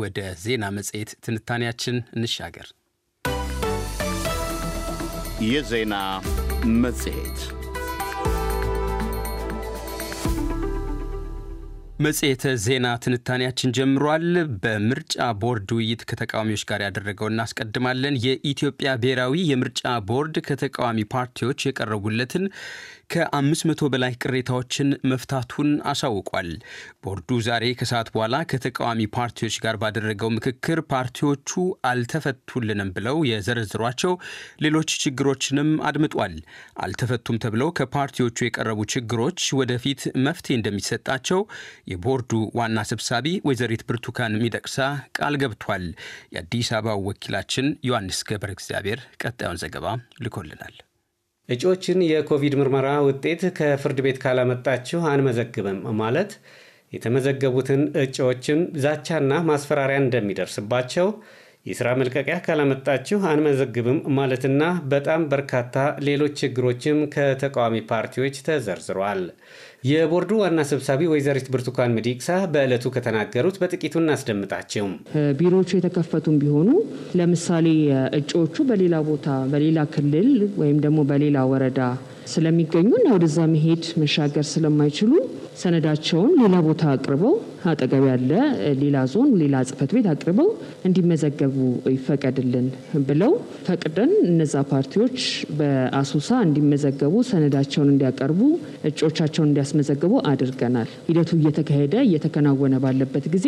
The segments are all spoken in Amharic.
ወደ ዜና መጽሔት ትንታኔያችን እንሻገር። የዜና መጽሔት መጽሔተ ዜና ትንታኔያችን ጀምሯል። በምርጫ ቦርድ ውይይት ከተቃዋሚዎች ጋር ያደረገው እናስቀድማለን። የኢትዮጵያ ብሔራዊ የምርጫ ቦርድ ከተቃዋሚ ፓርቲዎች የቀረቡለትን ከ500 በላይ ቅሬታዎችን መፍታቱን አሳውቋል። ቦርዱ ዛሬ ከሰዓት በኋላ ከተቃዋሚ ፓርቲዎች ጋር ባደረገው ምክክር ፓርቲዎቹ አልተፈቱልንም ብለው የዘረዝሯቸው ሌሎች ችግሮችንም አድምጧል። አልተፈቱም ተብለው ከፓርቲዎቹ የቀረቡ ችግሮች ወደፊት መፍትሄ እንደሚሰጣቸው የቦርዱ ዋና ሰብሳቢ ወይዘሪት ብርቱካን ሚደቅሳ ቃል ገብቷል። የአዲስ አበባ ወኪላችን ዮሐንስ ገብረ እግዚአብሔር ቀጣዩን ዘገባ ልኮልናል። እጩዎችን የኮቪድ ምርመራ ውጤት ከፍርድ ቤት ካላመጣችሁ አንመዘግብም ማለት የተመዘገቡትን እጩዎችም ዛቻና ማስፈራሪያ እንደሚደርስባቸው የሥራ መልቀቂያ ካላመጣችሁ አንመዘግብም ማለትና በጣም በርካታ ሌሎች ችግሮችም ከተቃዋሚ ፓርቲዎች ተዘርዝሯል። የቦርዱ ዋና ሰብሳቢ ወይዘሪት ብርቱካን ሚደቅሳ በዕለቱ ከተናገሩት በጥቂቱ እናስደምጣቸው። ቢሮዎቹ የተከፈቱም ቢሆኑ ለምሳሌ እጩዎቹ በሌላ ቦታ በሌላ ክልል ወይም ደግሞ በሌላ ወረዳ እና ወደዛ መሄድ መሻገር ስለማይችሉ ሰነዳቸውን ሌላ ቦታ አቅርበው አጠገብ ያለ ሌላ ዞን ሌላ ጽህፈት ቤት አቅርበው እንዲመዘገቡ ይፈቀድልን ብለው ፈቅደን እነዛ ፓርቲዎች በአሶሳ እንዲመዘገቡ ሰነዳቸውን እንዲያቀርቡ እጮቻቸውን እንዲያስመዘግቡ አድርገናል። ሂደቱ እየተካሄደ እየተከናወነ ባለበት ጊዜ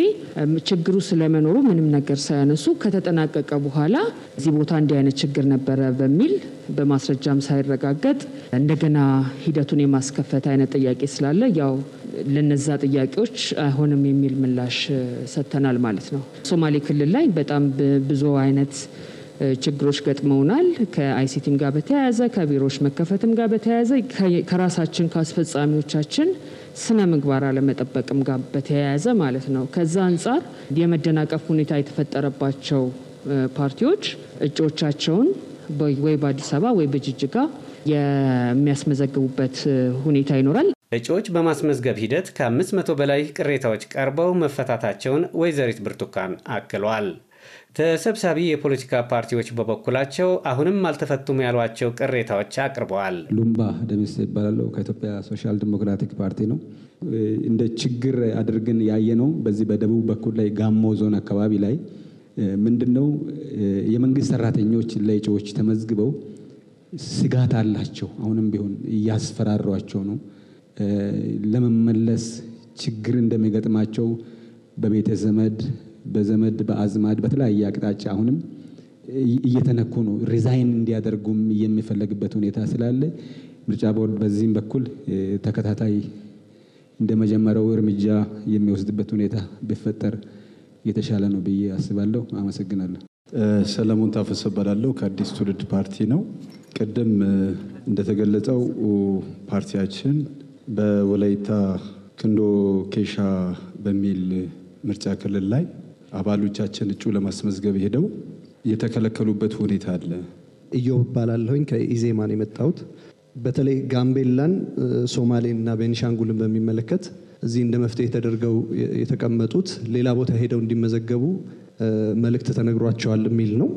ችግሩ ስለመኖሩ ምንም ነገር ሳያነሱ ከተጠናቀቀ በኋላ እዚህ ቦታ እንዲህ አይነት ችግር ነበረ በሚል በማስረጃም ሳይረጋገጥ እንደገና ሂደቱን የማስከፈት አይነት ጥያቄ ስላለ ያው ለነዛ ጥያቄዎች አይሆንም የሚል ምላሽ ሰጥተናል ማለት ነው። ሶማሌ ክልል ላይ በጣም ብዙ አይነት ችግሮች ገጥመውናል። ከአይሲቲም ጋር በተያያዘ ከቢሮዎች መከፈትም ጋር በተያያዘ ከራሳችን ከአስፈጻሚዎቻችን ስነ ምግባር አለመጠበቅም ጋር በተያያዘ ማለት ነው። ከዛ አንጻር የመደናቀፍ ሁኔታ የተፈጠረባቸው ፓርቲዎች እጩዎቻቸውን ወይ በአዲስ አበባ ወይ በጅጅጋ የሚያስመዘግቡበት ሁኔታ ይኖራል። እጩዎች በማስመዝገብ ሂደት ከ500 በላይ ቅሬታዎች ቀርበው መፈታታቸውን ወይዘሪት ብርቱካን አክሏል። ተሰብሳቢ የፖለቲካ ፓርቲዎች በበኩላቸው አሁንም አልተፈቱም ያሏቸው ቅሬታዎች አቅርበዋል። ሉምባ ደምስ ይባላለው ከኢትዮጵያ ሶሻል ዲሞክራቲክ ፓርቲ ነው። እንደ ችግር አድርገን ነው። በዚህ በደቡብ በኩል ላይ ጋሞ ዞን አካባቢ ላይ ምንድነው የመንግስት ሰራተኞች ለእጩዎች ተመዝግበው ስጋት አላቸው። አሁንም ቢሆን እያስፈራሯቸው ነው። ለመመለስ ችግር እንደሚገጥማቸው በቤተ ዘመድ፣ በዘመድ በአዝማድ በተለያየ አቅጣጫ አሁንም እየተነኩ ነው። ሪዛይን እንዲያደርጉም የሚፈለግበት ሁኔታ ስላለ ምርጫ ቦርድ በዚህም በኩል ተከታታይ እንደመጀመረው እርምጃ የሚወስድበት ሁኔታ ቢፈጠር የተሻለ ነው ብዬ አስባለሁ። አመሰግናለሁ። ሰለሞን ታፈሰ እባላለሁ ከአዲስ ትውልድ ፓርቲ ነው። ቅድም እንደተገለጸው ፓርቲያችን በወላይታ ክንዶ ኬሻ በሚል ምርጫ ክልል ላይ አባሎቻችን እጩ ለማስመዝገብ ሄደው የተከለከሉበት ሁኔታ አለ። እዮብ እባላለሁኝ ከኢዜማን የመጣሁት። በተለይ ጋምቤላን፣ ሶማሌን እና ቤኒሻንጉልን በሚመለከት እዚህ እንደ መፍትሄ ተደርገው የተቀመጡት ሌላ ቦታ ሄደው እንዲመዘገቡ መልእክት ተነግሯቸዋል የሚል ነው።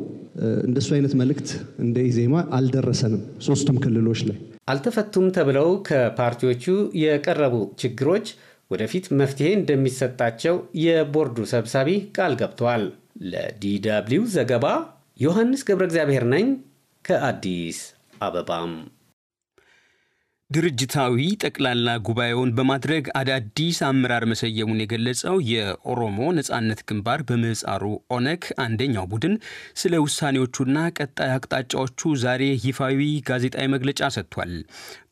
እንደሱ አይነት መልእክት እንደ ኢዜማ አልደረሰንም። ሶስቱም ክልሎች ላይ አልተፈቱም ተብለው ከፓርቲዎቹ የቀረቡ ችግሮች ወደፊት መፍትሄ እንደሚሰጣቸው የቦርዱ ሰብሳቢ ቃል ገብተዋል። ለዲደብሊው ዘገባ ዮሐንስ ገብረ እግዚአብሔር ነኝ ከአዲስ አበባም ድርጅታዊ ጠቅላላ ጉባኤውን በማድረግ አዳዲስ አመራር መሰየሙን የገለጸው የኦሮሞ ነጻነት ግንባር በምህፃሩ ኦነግ አንደኛው ቡድን ስለ ውሳኔዎቹና ቀጣይ አቅጣጫዎቹ ዛሬ ይፋዊ ጋዜጣዊ መግለጫ ሰጥቷል።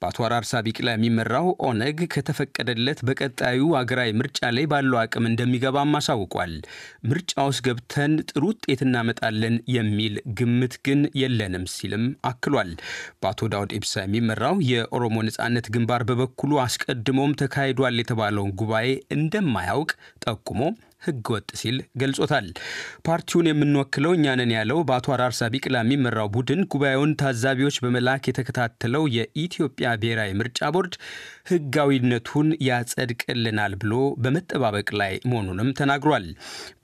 በአቶ አራርሳ ቢቅላ የሚመራው ኦነግ ከተፈቀደለት በቀጣዩ አገራዊ ምርጫ ላይ ባለው አቅም እንደሚገባም አሳውቋል። ምርጫ ውስጥ ገብተን ጥሩ ውጤት እናመጣለን የሚል ግምት ግን የለንም ሲልም አክሏል። በአቶ ዳውድ ኢብሳ የሚመራው የኦሮሞ ነጻነት ግንባር በበኩሉ አስቀድሞም ተካሂዷል የተባለውን ጉባኤ እንደማያውቅ ጠቁሞ ህገወጥ ሲል ገልጾታል። ፓርቲውን የምንወክለው እኛንን ያለው በአቶ አራርሳ ቢቅላ የሚመራው ቡድን ጉባኤውን ታዛቢዎች በመላክ የተከታተለው የኢትዮጵያ ብሔራዊ ምርጫ ቦርድ ህጋዊነቱን ያጸድቅልናል ብሎ በመጠባበቅ ላይ መሆኑንም ተናግሯል።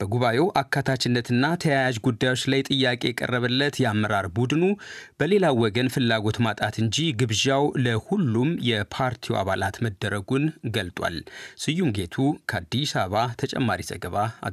በጉባኤው አካታችነትና ተያያዥ ጉዳዮች ላይ ጥያቄ የቀረበለት የአመራር ቡድኑ በሌላው ወገን ፍላጎት ማጣት እንጂ ግብዣው ለሁሉም የፓርቲው አባላት መደረጉን ገልጧል። ስዩም ጌቱ ከአዲስ አበባ ተጨማሪ ዘገባ va a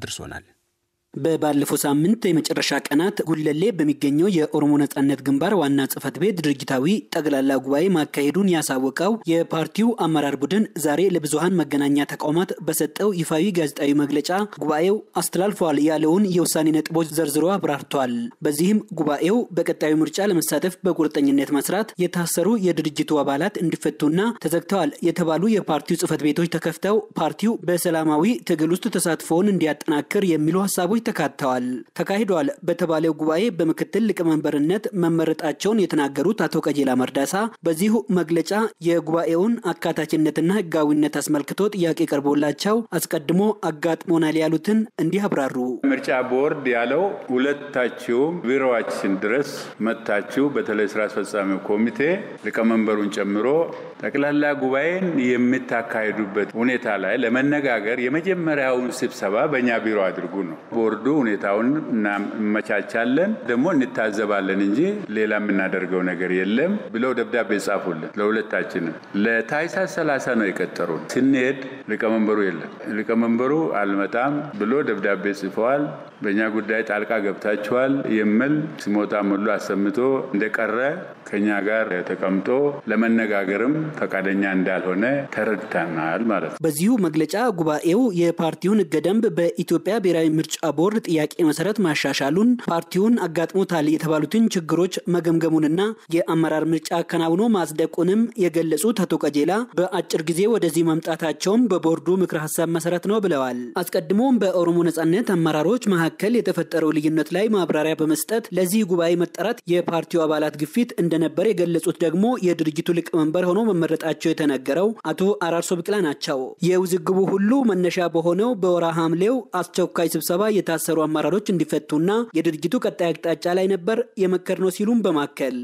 በባለፈው ሳምንት የመጨረሻ ቀናት ጉለሌ በሚገኘው የኦሮሞ ነጻነት ግንባር ዋና ጽህፈት ቤት ድርጅታዊ ጠቅላላ ጉባኤ ማካሄዱን ያሳወቀው የፓርቲው አመራር ቡድን ዛሬ ለብዙሀን መገናኛ ተቋማት በሰጠው ይፋዊ ጋዜጣዊ መግለጫ ጉባኤው አስተላልፏል ያለውን የውሳኔ ነጥቦች ዘርዝሮ አብራርቷል። በዚህም ጉባኤው በቀጣዩ ምርጫ ለመሳተፍ በቁርጠኝነት መስራት፣ የታሰሩ የድርጅቱ አባላት እንዲፈቱና ተዘግተዋል የተባሉ የፓርቲው ጽህፈት ቤቶች ተከፍተው ፓርቲው በሰላማዊ ትግል ውስጥ ተሳትፎውን እንዲያጠናክር የሚሉ ሀሳቦች ተካተዋል። ተካሂዷል በተባለው ጉባኤ በምክትል ሊቀመንበርነት መመረጣቸውን የተናገሩት አቶ ቀጀላ መርዳሳ በዚሁ መግለጫ የጉባኤውን አካታችነትና ህጋዊነት አስመልክቶ ጥያቄ ቀርቦላቸው አስቀድሞ አጋጥሞናል ያሉትን እንዲህ አብራሩ። ምርጫ ቦርድ ያለው ሁለታችሁም ቢሮዋችን ድረስ መጥታችሁ በተለይ ስራ አስፈጻሚ ኮሚቴ ሊቀመንበሩን ጨምሮ ጠቅላላ ጉባኤን የምታካሂዱበት ሁኔታ ላይ ለመነጋገር የመጀመሪያውን ስብሰባ በእኛ ቢሮ አድርጉ ነው። ቦርዱ ሁኔታውን እናመቻቻለን ደግሞ እንታዘባለን እንጂ ሌላ የምናደርገው ነገር የለም ብለው ደብዳቤ ጻፉልን። ለሁለታችንም ለታህሳስ ሰላሳ ነው የቀጠሩን። ስንሄድ ሊቀመንበሩ የለም፣ ሊቀመንበሩ አልመጣም ብሎ ደብዳቤ ጽፈዋል። በእኛ ጉዳይ ጣልቃ ገብታችኋል የሚል ስሞታ ሙሉ አሰምቶ እንደቀረ ከኛ ጋር ተቀምጦ ለመነጋገርም ፈቃደኛ እንዳልሆነ ተረድተናል ማለት ነው። በዚሁ መግለጫ ጉባኤው የፓርቲውን ሕገ ደንብ በኢትዮጵያ ብሔራዊ ምርጫ ቦ ቦርድ ጥያቄ መሰረት ማሻሻሉን፣ ፓርቲውን አጋጥሞታል የተባሉትን ችግሮች መገምገሙንና የአመራር ምርጫ አከናውኖ ማጽደቁንም የገለጹት አቶ ቀጀላ በአጭር ጊዜ ወደዚህ መምጣታቸውም በቦርዱ ምክር ሀሳብ መሰረት ነው ብለዋል። አስቀድሞም በኦሮሞ ነጻነት አመራሮች መካከል የተፈጠረው ልዩነት ላይ ማብራሪያ በመስጠት ለዚህ ጉባኤ መጠራት የፓርቲው አባላት ግፊት እንደነበር የገለጹት ደግሞ የድርጅቱ ሊቀመንበር ሆኖ መመረጣቸው የተነገረው አቶ አራርሶ ብቅላ ናቸው። የውዝግቡ ሁሉ መነሻ በሆነው በወራ ሐምሌው አስቸኳይ ስብሰባ የ የታሰሩ አመራሮች እንዲፈቱና የድርጅቱ ቀጣይ አቅጣጫ ላይ ነበር የመከር ነው ሲሉም በማከል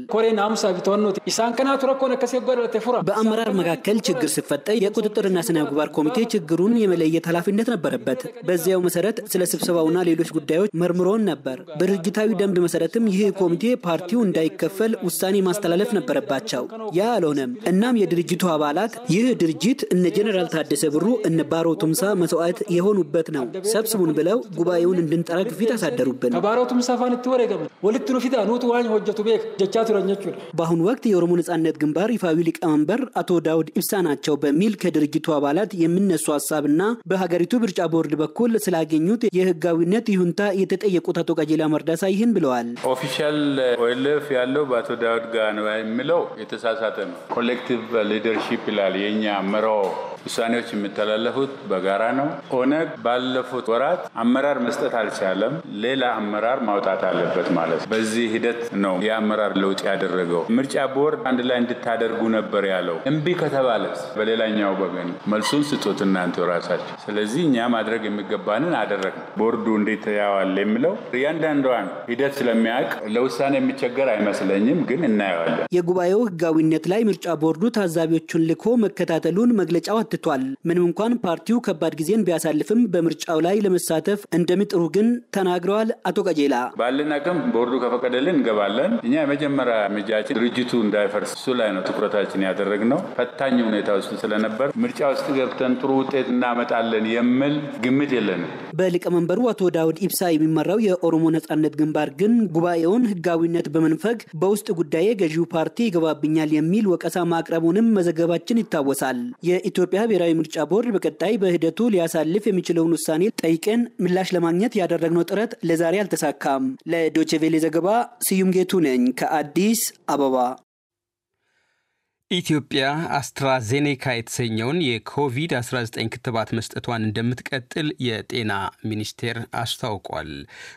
በአመራር መካከል ችግር ሲፈጠር የቁጥጥርና ስነ ምግባር ኮሚቴ ችግሩን የመለየት ኃላፊነት ነበረበት። በዚያው መሰረት ስለ ስብሰባውና ሌሎች ጉዳዮች መርምሮን ነበር። በድርጅታዊ ደንብ መሰረትም ይህ ኮሚቴ ፓርቲው እንዳይከፈል ውሳኔ ማስተላለፍ ነበረባቸው። ያ አልሆነም። እናም የድርጅቱ አባላት ይህ ድርጅት እነ ጀኔራል ታደሰ ብሩ እነ ባሮ ቱምሳ መስዋዕት የሆኑበት ነው ሰብስቡን ብለው ጉባኤውን ያለውን እንድንጠራ ግፊት አሳደሩብን። ትወር ወልትኑ ፊት ዋኝ ቤክ ጀቻ በአሁኑ ወቅት የኦሮሞ ነጻነት ግንባር ይፋዊ ሊቀመንበር አቶ ዳውድ ኢብሳ ናቸው በሚል ከድርጅቱ አባላት የሚነሱ ሀሳብና በሀገሪቱ ምርጫ ቦርድ በኩል ስላገኙት የህጋዊነት ይሁንታ የተጠየቁት አቶ ቀጀላ መርዳሳ ይህን ብለዋል። ኦፊሻል ኦኤልኤፍ ያለው በአቶ ዳውድ ጋር ነው የሚለው የተሳሳተ ነው። ኮሌክቲቭ ሊደርሺፕ ይላል የእኛ መራው ውሳኔዎች የሚተላለፉት በጋራ ነው። ኦነግ ባለፉት ወራት አመራር መስጠት አልቻለም። ሌላ አመራር ማውጣት አለበት ማለት ነው። በዚህ ሂደት ነው የአመራር ለውጥ ያደረገው። ምርጫ ቦርድ አንድ ላይ እንድታደርጉ ነበር ያለው። እምቢ ከተባለ በሌላኛው ወገን መልሱን ስጡት እናንተ ራሳቸው። ስለዚህ እኛ ማድረግ የሚገባንን አደረግን። ቦርዱ እንዴት ያዋል የሚለው እያንዳንዷን ሂደት ስለሚያውቅ ለውሳኔ የሚቸገር አይመስለኝም፣ ግን እናየዋለን። የጉባኤው ህጋዊነት ላይ ምርጫ ቦርዱ ታዛቢዎቹን ልኮ መከታተሉን መግለጫው አወድቷል። ምንም እንኳን ፓርቲው ከባድ ጊዜን ቢያሳልፍም በምርጫው ላይ ለመሳተፍ እንደሚጥሩ ግን ተናግረዋል። አቶ ቀጀላ ባለን አቅም ቦርዱ ከፈቀደልን እንገባለን። እኛ የመጀመሪያ እርምጃችን ድርጅቱ እንዳይፈርስ እሱ ላይ ነው ትኩረታችን ያደረግነው። ፈታኝ ሁኔታ ውስጥ ስለነበር ምርጫ ውስጥ ገብተን ጥሩ ውጤት እናመጣለን የሚል ግምት የለንም። በሊቀመንበሩ አቶ ዳውድ ኢብሳ የሚመራው የኦሮሞ ነጻነት ግንባር ግን ጉባኤውን ህጋዊነት በመንፈግ በውስጥ ጉዳይ ገዢው ፓርቲ ይገባብኛል የሚል ወቀሳ ማቅረቡንም መዘገባችን ይታወሳል። የኢትዮጵያ ብሔራዊ ምርጫ ቦርድ በቀጣይ በሂደቱ ሊያሳልፍ የሚችለውን ውሳኔ ጠይቀን ምላሽ ለማግኘት ያደረግነው ጥረት ለዛሬ አልተሳካም። ለዶቼ ቬሌ ዘገባ ስዩም ጌቱ ነኝ ከአዲስ አበባ። ኢትዮጵያ አስትራዜኔካ የተሰኘውን የኮቪድ-19 ክትባት መስጠቷን እንደምትቀጥል የጤና ሚኒስቴር አስታውቋል።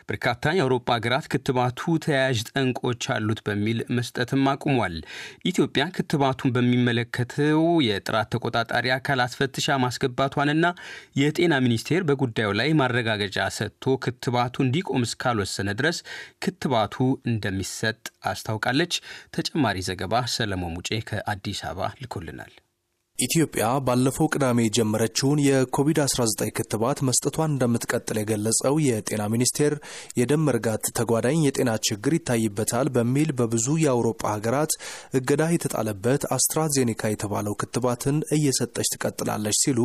በርካታ የአውሮፓ ሀገራት ክትባቱ ተያያዥ ጠንቆች አሉት በሚል መስጠትም አቁሟል። ኢትዮጵያ ክትባቱን በሚመለከተው የጥራት ተቆጣጣሪ አካል አስፈትሻ ማስገባቷንና የጤና ሚኒስቴር በጉዳዩ ላይ ማረጋገጫ ሰጥቶ ክትባቱ እንዲቆም እስካልወሰነ ድረስ ክትባቱ እንደሚሰጥ አስታውቃለች። ተጨማሪ ዘገባ ሰለሞን ሙጬ ከአዲስ Dijaba el ኢትዮጵያ ባለፈው ቅዳሜ የጀመረችውን የኮቪድ-19 ክትባት መስጠቷን እንደምትቀጥል የገለጸው የጤና ሚኒስቴር የደም መርጋት ተጓዳኝ የጤና ችግር ይታይበታል በሚል በብዙ የአውሮፓ ሀገራት እገዳ የተጣለበት አስትራዜኔካ የተባለው ክትባትን እየሰጠች ትቀጥላለች ሲሉ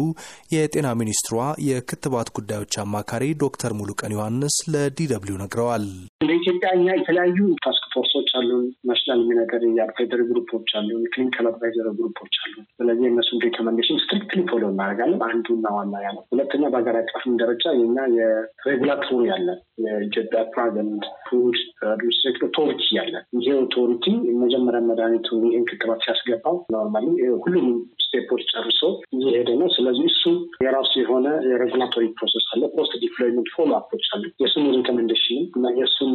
የጤና ሚኒስትሯ የክትባት ጉዳዮች አማካሪ ዶክተር ሙሉቀን ዮሐንስ ለዲደብሊው ነግረዋል። ለኢትዮጵያ እኛ የተለያዩ ታስክ ፎርሶች አሉን፣ ናሽናል ሚኒተሪ የአድቫይዘሪ ግሩፖች አሉን፣ ክሊኒካል አድቫይዘሪ ግሩፖች አሉን። ስለዚህ እነሱ ሪኮመንዴሽን ስትሪክትሊ ፎሎ እናደርጋለን። አንዱና ዋና ያለ ሁለተኛ፣ በሀገር አቀፍም ደረጃ የኛ የሬጉላቶሪ ያለ የኢትዮጵያ ፕራዘንት ኤንድ ፉድ አድሚኒስትሬሽን ኦቶሪቲ ያለ ይሄ ኦቶሪቲ መጀመሪያ መድኃኒቱ ይህን ክትባት ሲያስገባው ኖርማሊ ሁሉንም ስቴፖች ጨርሶ እየሄደ ነው። ስለዚህ እሱ የራሱ የሆነ የሬጉላቶሪ ፕሮሰስ አለ። ፖስት ዲፕሎይመንት ፎሎ አፖች አሉ። የእሱን ሪኮመንዴሽን እና የእሱን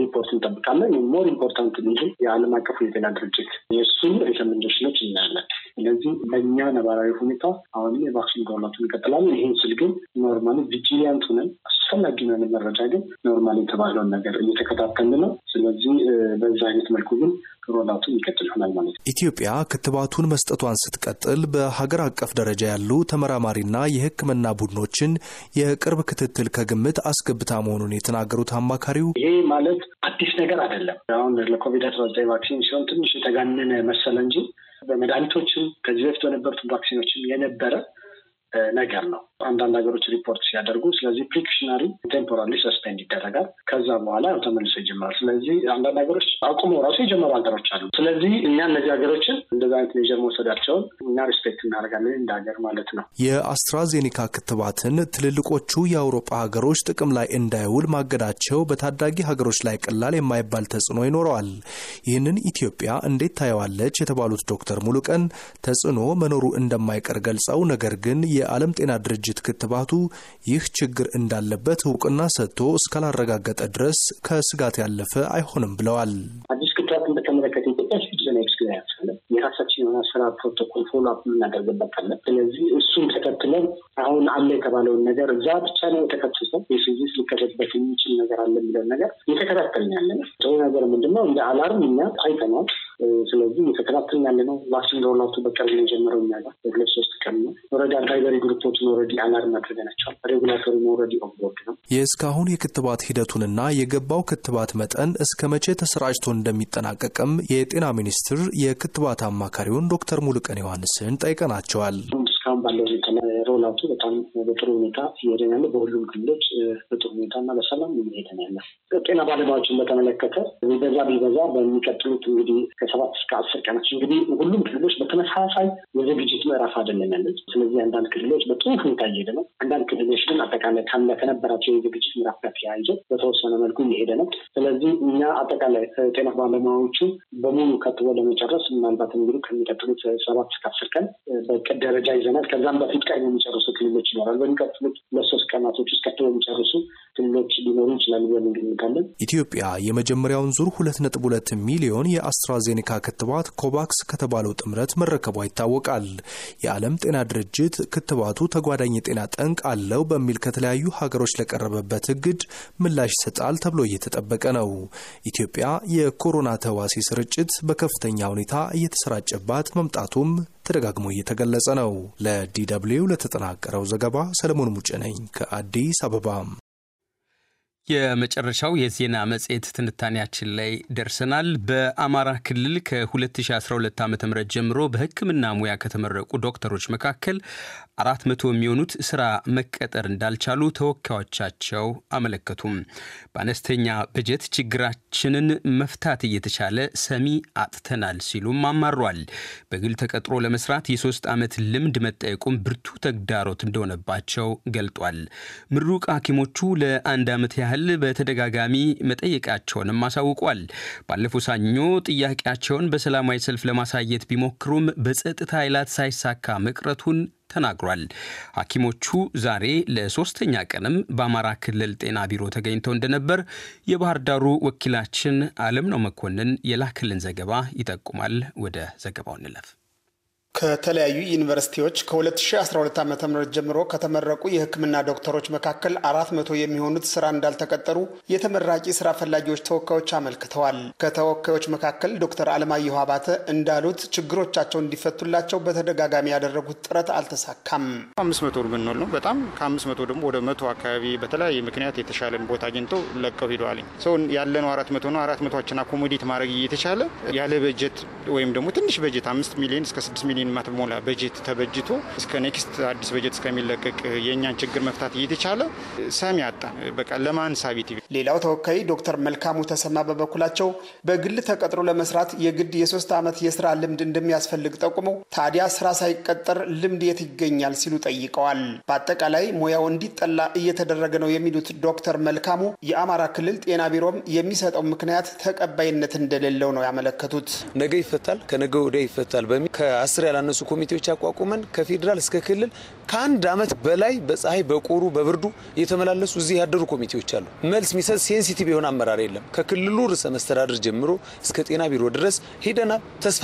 ሪፖርት እንጠብቃለን። ሞር ኢምፖርታንት ምንድን የዓለም አቀፉ የጤና ድርጅት የእሱን ሪኮሜንዴሽኖች እናያለን። ስለዚህ በእኛ ነባራዊ ሁኔታ አሁንም የቫክሲን ዶላቱ ይቀጥላል። ይህን ስል ግን ኖርማሊ ቪጂሊያንት ሆነን አስፈላጊ የሆነ መረጃ ግን ኖርማሊ የተባለውን ነገር እየተከታተልን ነው። ስለዚህ በዛ አይነት መልኩ ግን ሮላቱ ይቀጥል ይሆናል ማለት ነው። ኢትዮጵያ ክትባቱን መስጠቷን ስትቀጥል በሀገር አቀፍ ደረጃ ያሉ ተመራማሪና የሕክምና ቡድኖችን የቅርብ ክትትል ከግምት አስገብታ መሆኑን የተናገሩት አማካሪው ይሄ ማለት አዲስ ነገር አይደለም። አሁን ለኮቪድ አስራ ዘጠኝ ቫክሲን ሲሆን ትንሽ የተጋነነ መሰለ እንጂ በመድኃኒቶችም ከዚህ በፊት በነበሩት ቫክሲኖችም የነበረ ነገር ነው አንዳንድ ሀገሮች ሪፖርት ሲያደርጉ። ስለዚህ ፕሪክሽነሪ ቴምፖራሪ ሰስፔንድ ይደረጋል። ከዛ በኋላ ተመልሶ ይጀምራል። ስለዚህ አንዳንድ ሀገሮች አቁመው ራሱ የጀመሩ ሀገሮች አሉ። ስለዚህ እኛ እነዚህ ሀገሮችን እንደዚ አይነት ሜዥር መውሰዳቸውን እኛ ሪስፔክት እናደርጋለን እንደ ሀገር ማለት ነው። የአስትራዜኒካ ክትባትን ትልልቆቹ የአውሮፓ ሀገሮች ጥቅም ላይ እንዳይውል ማገዳቸው በታዳጊ ሀገሮች ላይ ቀላል የማይባል ተጽዕኖ ይኖረዋል። ይህንን ኢትዮጵያ እንዴት ታየዋለች የተባሉት ዶክተር ሙሉቀን ተጽዕኖ መኖሩ እንደማይቀር ገልጸው ነገር ግን የዓለም ጤና ድርጅት ክትባቱ ይህ ችግር እንዳለበት እውቅና ሰጥቶ እስካላረጋገጠ ድረስ ከስጋት ያለፈ አይሆንም ብለዋል። አዲስ ክትባትን በተመለከተ ኢትዮጵያ ሲቲዘን ኤክስፔሪንስ አለ። የራሳችን የሆነ ስራ ፕሮቶኮል ፎሎ አፕ የምናደርግበት አለ። ስለዚህ እሱን ተከትለን አሁን አለ የተባለውን ነገር እዛ ብቻ ነው የተከትሰ የስዚስ ሊከሰትበት የሚችል ነገር አለ የሚለውን ነገር እየተከታተልን ያለ ነው። ጥሩ ነገር ምንድነው እንደ አላርም እኛ አይተነዋል። ስለዚህ የተከታተልን ያለ ነው። ቫክሲን ሮላቱ በቅርብ የጀመረው እኛ ጋር በሁለት ሶስት ቀን ነው። ኦልሬዲ አድቫይዘሪ ግሩፖችን ኦልሬዲ አላርም አድርገናቸዋል። ሬጉላተሩ ኦልሬዲ ኦንቦርድ ነው። የእስካሁን የክትባት ሂደቱንና የገባው ክትባት መጠን እስከ መቼ ተሰራጭቶ እንደሚጠናቀቅም የጤና ሚኒስትር የክትባት አማካሪውን ዶክተር ሙሉቀን ዮሐንስን ጠይቀናቸዋል። እስካሁን ባለው ሁኔታ ስርዓቱ በጣም በጥሩ ሁኔታ እየሄደ ያለ በሁሉም ክልሎች በጥሩ ሁኔታ እና በሰላም እየሄደ ያለ። ጤና ባለሙያዎችን በተመለከተ ቢበዛ ቢበዛ በሚቀጥሉት እንግዲህ ከሰባት እስከ አስር ቀኖች እንግዲህ ሁሉም ክልሎች በተመሳሳይ የዝግጅት ምዕራፍ አይደለም ያለች። ስለዚህ አንዳንድ ክልሎች በጥሩ ሁኔታ እየሄደ ነው። አንዳንድ ክልሎች ግን አጠቃላይ ካለ ከነበራቸው የዝግጅት ምዕራፍ ጋር ተያይዞ በተወሰነ መልኩ እየሄደ ነው። ስለዚህ እኛ አጠቃላይ ጤና ባለሙያዎቹ በሙሉ ከትቦ ለመጨረስ ምናልባት እንግዲህ ከሚቀጥሉት ሰባት እስከ አስር ቀን በቅድ ደረጃ ይዘናል። ከዛም በፊት ቀን የሚጨርሱ የሚጨርሱ ክልሎች ይኖራል። በሚቀጥሉት ለሶስት ቀናቶች እስከቶ የሚጨርሱ ክልሎች ሊኖሩ ይችላል ብለን እንገምታለን። ኢትዮጵያ የመጀመሪያውን ዙር ሁለት ነጥብ ሁለት ሚሊዮን የአስትራዜኔካ ክትባት ኮቫክስ ከተባለው ጥምረት መረከቧ ይታወቃል። የዓለም ጤና ድርጅት ክትባቱ ተጓዳኝ የጤና ጠንቅ አለው በሚል ከተለያዩ ሀገሮች ለቀረበበት እግድ ምላሽ ይሰጣል ተብሎ እየተጠበቀ ነው። ኢትዮጵያ የኮሮና ተዋሲ ስርጭት በከፍተኛ ሁኔታ እየተሰራጨባት መምጣቱም ተደጋግሞ እየተገለጸ ነው። ለዲ ደብልዩ ለተጠናቀረው ዘገባ ሰለሞን ሙጭ ነኝ ከአዲስ አበባ የመጨረሻው የዜና መጽሔት ትንታኔያችን ላይ ደርሰናል። በአማራ ክልል ከ2012 ዓ ም ጀምሮ በሕክምና ሙያ ከተመረቁ ዶክተሮች መካከል 400 የሚሆኑት ስራ መቀጠር እንዳልቻሉ ተወካዮቻቸው አመለከቱም። በአነስተኛ በጀት ችግራችንን መፍታት እየተቻለ ሰሚ አጥተናል ሲሉም አማሯል። በግል ተቀጥሮ ለመስራት የሶስት ዓመት ልምድ መጠየቁም ብርቱ ተግዳሮት እንደሆነባቸው ገልጧል። ምሩቅ ሐኪሞቹ ለአንድ ዓመት ያህል ያህል በተደጋጋሚ መጠየቃቸውንም አሳውቋል። ባለፈው ሰኞ ጥያቄያቸውን በሰላማዊ ሰልፍ ለማሳየት ቢሞክሩም በጸጥታ ኃይላት ሳይሳካ መቅረቱን ተናግሯል። ሐኪሞቹ ዛሬ ለሶስተኛ ቀንም በአማራ ክልል ጤና ቢሮ ተገኝተው እንደነበር የባህር ዳሩ ወኪላችን አለም ነው መኮንን የላክልን ዘገባ ይጠቁማል። ወደ ዘገባው እንለፍ። ከተለያዩ ዩኒቨርሲቲዎች ከ2012 ዓ ም ጀምሮ ከተመረቁ የሕክምና ዶክተሮች መካከል አራት መቶ የሚሆኑት ስራ እንዳልተቀጠሩ የተመራቂ ስራ ፈላጊዎች ተወካዮች አመልክተዋል። ከተወካዮች መካከል ዶክተር አለማየሁ አባተ እንዳሉት ችግሮቻቸው እንዲፈቱላቸው በተደጋጋሚ ያደረጉት ጥረት አልተሳካም። አምስት መቶ ብንል ነው በጣም ከአምስት መቶ ደግሞ ወደ መቶ አካባቢ በተለያየ ምክንያት የተሻለን ቦታ አግኝተው ለቀው ሂደዋል። ሰው ያለነው አራት መቶ ነው። አራት መቶችን አኮሞዴት ማድረግ እየተቻለ ያለ በጀት ወይም ደግሞ ትንሽ በጀት አምስት ሚሊዮን እስከ ስድስት ሚሊዮን ሚሊዮን ማትሞላ በጀት ተበጅቶ እስከ ኔክስት አዲስ በጀት እስከሚለቀቅ የእኛን ችግር መፍታት እየተቻለ ሰሚ ያጣ በቃ ለማንሳቢ ቲቪ። ሌላው ተወካይ ዶክተር መልካሙ ተሰማ በበኩላቸው በግል ተቀጥሮ ለመስራት የግድ የሶስት ዓመት የስራ ልምድ እንደሚያስፈልግ ጠቁመው ታዲያ ስራ ሳይቀጠር ልምድ የት ይገኛል ሲሉ ጠይቀዋል። በአጠቃላይ ሙያው እንዲጠላ እየተደረገ ነው የሚሉት ዶክተር መልካሙ የአማራ ክልል ጤና ቢሮም የሚሰጠው ምክንያት ተቀባይነት እንደሌለው ነው ያመለከቱት። ነገ ይፈታል፣ ከነገ ወዲያ ይፈታል በሚል ከአስር ያላነሱ ኮሚቴዎች አቋቁመን ከፌዴራል እስከ ክልል ከአንድ አመት በላይ በፀሐይ በቆሩ በብርዱ እየተመላለሱ እዚህ ያደሩ ኮሚቴዎች አሉ። መልስ የሚሰጥ ሴንሲቲቭ የሆነ አመራር የለም። ከክልሉ ርዕሰ መስተዳድር ጀምሮ እስከ ጤና ቢሮ ድረስ ሄደናል። ተስፋ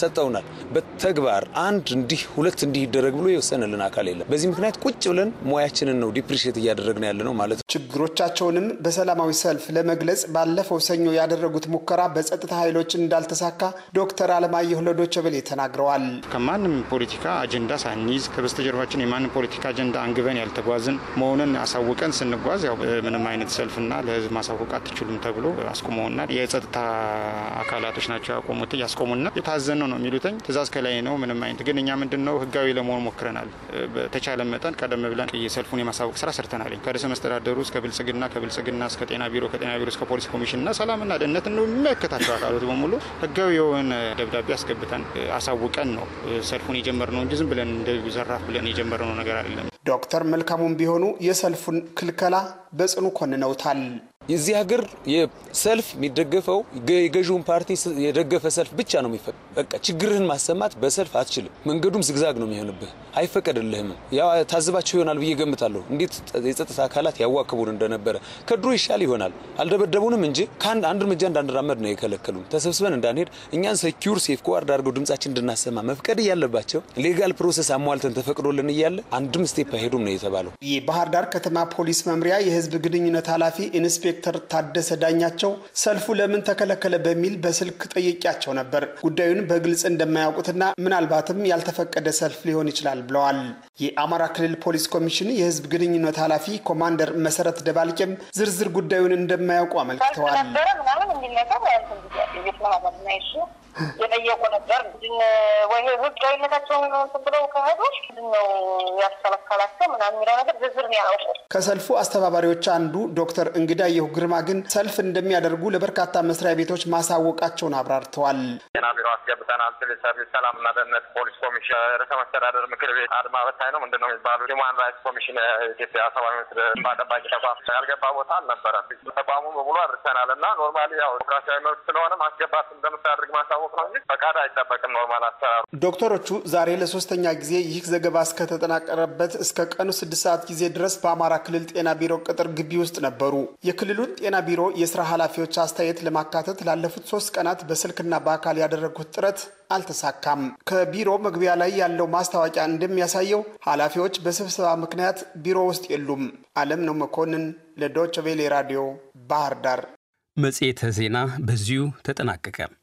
ሰጠውናል። በተግባር አንድ እንዲህ ሁለት እንዲህ ይደረግ ብሎ የወሰነልን አካል የለም። በዚህ ምክንያት ቁጭ ብለን ሙያችንን ነው ዲፕሪሽት እያደረግን ያለ ነው ማለት ነው። ችግሮቻቸውንም በሰላማዊ ሰልፍ ለመግለጽ ባለፈው ሰኞ ያደረጉት ሙከራ በጸጥታ ኃይሎች እንዳልተሳካ ዶክተር አለማየሁ ለዶቸ ተናግረዋል። ከማንም ፖለቲካ አጀንዳ ሳንይዝ ከበስተጀርባችን የማንም ፖለቲካ አጀንዳ አንግበን ያልተጓዝን መሆኑን አሳውቀን ስንጓዝ ያው ምንም አይነት ሰልፍና ለህዝብ ማሳወቅ አትችሉም ተብሎ አስቆመውና የጸጥታ አካላቶች ናቸው ያቆሙት ያስቆሙና የታዘነው ነው የሚሉትኝ ትእዛዝ ከላይ ነው። ምንም አይነት ግን እኛ ምንድን ነው ህጋዊ ለመሆን ሞክረናል። በተቻለ መጠን ቀደም ብለን የሰልፉን የማሳወቅ ስራ ሰርተናል። ከርዕሰ መስተዳደሩ እስከ ብልጽግና ከብልጽግና እስከ ጤና ቢሮ ከጤና ቢሮ እስከ ፖሊስ ኮሚሽንና ሰላምና ደህንነት ነው የሚመለከታቸው አካሎት በሙሉ ህጋዊ የሆነ ደብዳቤ አስገብተን አሳውቀን ነው ሰልፉን የጀመርነው እንጂ ዝም ብለን እንደ ዘራፍ ብለን የጀመርነው ነገር አይደለም። ዶክተር መልካሙም ቢሆኑ የሰልፉን ክልከላ በጽኑ ኮንነውታል። የዚህ ሀገር ሰልፍ የሚደገፈው የገዢውን ፓርቲ የደገፈ ሰልፍ ብቻ ነው የሚፈቅ በቃ ችግርህን ማሰማት በሰልፍ አትችልም። መንገዱም ዝግዛግ ነው የሚሆንብህ፣ አይፈቀድልህም። ያው ታዝባቸው ይሆናል ብዬ ገምታለሁ፣ እንዴት የጸጥታ አካላት ያዋክቡን እንደነበረ። ከድሮ ይሻል ይሆናል። አልደበደቡንም እንጂ ከአንድ አንድ እርምጃ እንዳንራመድ ነው የከለከሉን። ተሰብስበን እንዳንሄድ እኛን ሴኪር ሴፍ ጋርድ አድርገው ድምጻችን እንድናሰማ መፍቀድ እያለባቸው ሌጋል ፕሮሰስ አሟልተን ተፈቅዶልን እያለ አንድም ስቴፕ አይሄዱም ነው የተባለው። የባህር ዳር ከተማ ፖሊስ መምሪያ የህዝብ ግንኙነት ኃላፊ ኢንስፔ ኢንስፔክተር ታደሰ ዳኛቸው ሰልፉ ለምን ተከለከለ በሚል በስልክ ጠይቄያቸው ነበር። ጉዳዩን በግልጽ እንደማያውቁትና ምናልባትም ያልተፈቀደ ሰልፍ ሊሆን ይችላል ብለዋል። የአማራ ክልል ፖሊስ ኮሚሽን የህዝብ ግንኙነት ኃላፊ ኮማንደር መሰረት ደባልቄም ዝርዝር ጉዳዩን እንደማያውቁ አመልክተዋል። የጠየቁ ነበር። ወይ ብለው ከሄዱ ነው ያስከለከላቸው ምናምን የሚለው ነገር ዝርዝር ነው ያላውቁ። ከሰልፉ አስተባባሪዎች አንዱ ዶክተር እንግዳየሁ ግርማ ግን ሰልፍ እንደሚያደርጉ ለበርካታ መስሪያ ቤቶች ማሳወቃቸውን አብራርተዋል። ጤና ቢሮ አስገብተናል፣ ሲቪል ሰርቪስ፣ ሰላምና ደህንነት፣ ፖሊስ ኮሚሽን፣ ርዕሰ መስተዳደር ምክር ቤት፣ አድማ በታኝ ነው ምንድን ነው የሚባሉ ሂውማን ራይትስ ኮሚሽን፣ ኢትዮጵያ ሰብአዊ መብት ጠባቂ ተቋም ያልገባ ቦታ አልነበረም። ተቋሙ በሙሉ አድርሰናል እና ኖርማሊ ያው ዲሞክራሲያዊ መብት ስለሆነ ማስገባት እንደምታደርግ ማሳወቅ እንጂ ፈቃድ አይጠበቅም። ኖርማል አሰራሩ። ዶክተሮቹ ዛሬ ለሶስተኛ ጊዜ ይህ ዘገባ እስከተጠናቀረበት እስከ ቀኑ ስድስት ሰዓት ጊዜ ድረስ በአማራ ክልል ጤና ቢሮ ቅጥር ግቢ ውስጥ ነበሩ። የክልሉን ጤና ቢሮ የስራ ኃላፊዎች አስተያየት ለማካተት ላለፉት ሶስት ቀናት በስልክና በአካል ያደረጉት ጥረት አልተሳካም። ከቢሮ መግቢያ ላይ ያለው ማስታወቂያ እንደሚያሳየው ኃላፊዎች በስብሰባ ምክንያት ቢሮ ውስጥ የሉም። አለም ነው መኮንን ለዶችቬሌ ራዲዮ ባህር ዳር። መጽሔተ ዜና በዚሁ ተጠናቀቀ።